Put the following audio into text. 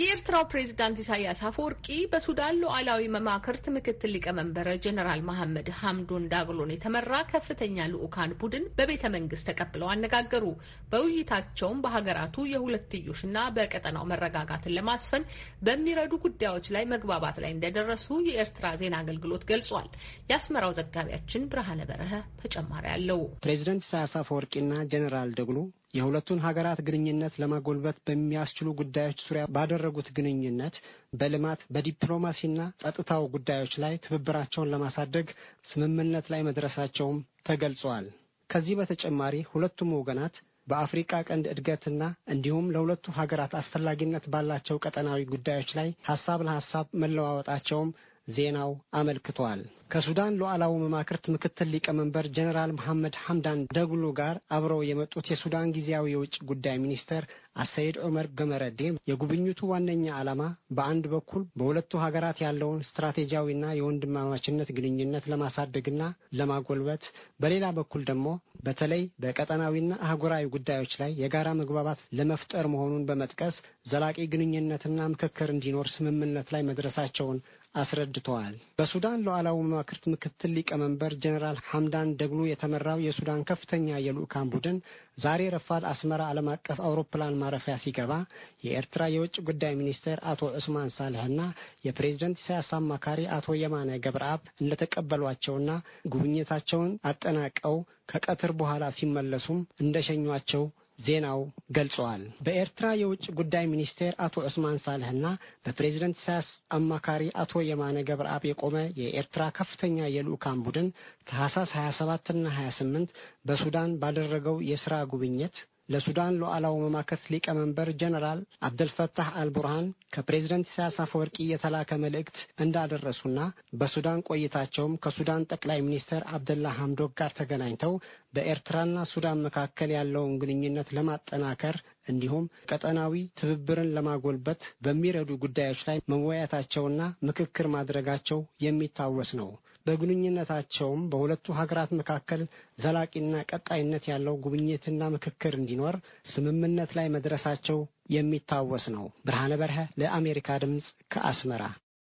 የኤርትራው ፕሬዚዳንት ኢሳያስ አፈወርቂ በሱዳን ሉዓላዊ መማክርት ምክትል ሊቀመንበር ጀኔራል መሐመድ ሐምዶን ዳግሎን የተመራ ከፍተኛ ልዑካን ቡድን በቤተ መንግስት ተቀብለው አነጋገሩ። በውይይታቸውም በሀገራቱ የሁለትዮሽና በቀጠናው መረጋጋትን ለማስፈን በሚረዱ ጉዳዮች ላይ መግባባት ላይ እንደደረሱ የኤርትራ ዜና አገልግሎት ገልጿል። የአስመራው ዘጋቢያችን ብርሃነ በረሀ ተጨማሪ አለው። ፕሬዚደንት ኢሳያስ አፈወርቂና ጀኔራል ደግሎ የሁለቱን ሀገራት ግንኙነት ለማጎልበት በሚያስችሉ ጉዳዮች ዙሪያ ባደረጉት ግንኙነት በልማት በዲፕሎማሲና ጸጥታው ጉዳዮች ላይ ትብብራቸውን ለማሳደግ ስምምነት ላይ መድረሳቸውም ተገልጿል። ከዚህ በተጨማሪ ሁለቱም ወገናት በአፍሪቃ ቀንድ እድገትና እንዲሁም ለሁለቱ ሀገራት አስፈላጊነት ባላቸው ቀጠናዊ ጉዳዮች ላይ ሀሳብ ለሀሳብ መለዋወጣቸውም ዜናው አመልክቷል። ከሱዳን ሉዓላዊ መማክርት ምክትል ሊቀመንበር ጀኔራል መሐመድ ሐምዳን ደጉሎ ጋር አብረው የመጡት የሱዳን ጊዜያዊ የውጭ ጉዳይ ሚኒስተር አሰይድ ዑመር ገመረዴ የጉብኝቱ ዋነኛ ዓላማ በአንድ በኩል በሁለቱ ሀገራት ያለውን ስትራቴጂያዊና የወንድማማችነት ግንኙነት ለማሳደግና ለማጎልበት፣ በሌላ በኩል ደግሞ በተለይ በቀጠናዊና አህጉራዊ ጉዳዮች ላይ የጋራ መግባባት ለመፍጠር መሆኑን በመጥቀስ ዘላቂ ግንኙነትና ምክክር እንዲኖር ስምምነት ላይ መድረሳቸውን አስረድተዋል። በሱዳን ሉዓላዊ መማክርት ምክትል ሊቀመንበር ጀኔራል ሐምዳን ደግሎ የተመራው የሱዳን ከፍተኛ የልዑካን ቡድን ዛሬ ረፋድ አስመራ ዓለም አቀፍ አውሮፕላን ማረፊያ ሲገባ የኤርትራ የውጭ ጉዳይ ሚኒስቴር አቶ እስማን ሳልህና የፕሬዝደንት ኢሳያስ አማካሪ አቶ የማነ ገብረአብ እንደተቀበሏቸውና ጉብኝታቸውን አጠናቀው ከቀትር በኋላ ሲመለሱም እንደሸኟቸው ዜናው ገልጸዋል። በኤርትራ የውጭ ጉዳይ ሚኒስቴር አቶ ዑስማን ሳልህና በፕሬዝደንት ኢሳያስ አማካሪ አቶ የማነ ገብረአብ የቆመ የኤርትራ ከፍተኛ የልዑካን ቡድን ታህሳስ 27ና 28 በሱዳን ባደረገው የስራ ጉብኝት ለሱዳን ሉዓላዊ መማክርት ሊቀመንበር ጀነራል አብደልፈታህ አልቡርሃን ከፕሬዝደንት ኢሳያስ አፈወርቂ የተላከ መልእክት እንዳደረሱና በሱዳን ቆይታቸውም ከሱዳን ጠቅላይ ሚኒስትር አብደላ ሐምዶክ ጋር ተገናኝተው በኤርትራና ሱዳን መካከል ያለውን ግንኙነት ለማጠናከር እንዲሁም ቀጠናዊ ትብብርን ለማጎልበት በሚረዱ ጉዳዮች ላይ መወያየታቸውና ምክክር ማድረጋቸው የሚታወስ ነው። በግንኙነታቸውም በሁለቱ ሀገራት መካከል ዘላቂና ቀጣይነት ያለው ጉብኝትና ምክክር እንዲኖር ስምምነት ላይ መድረሳቸው የሚታወስ ነው። ብርሃነ በርሀ ለአሜሪካ ድምፅ ከአስመራ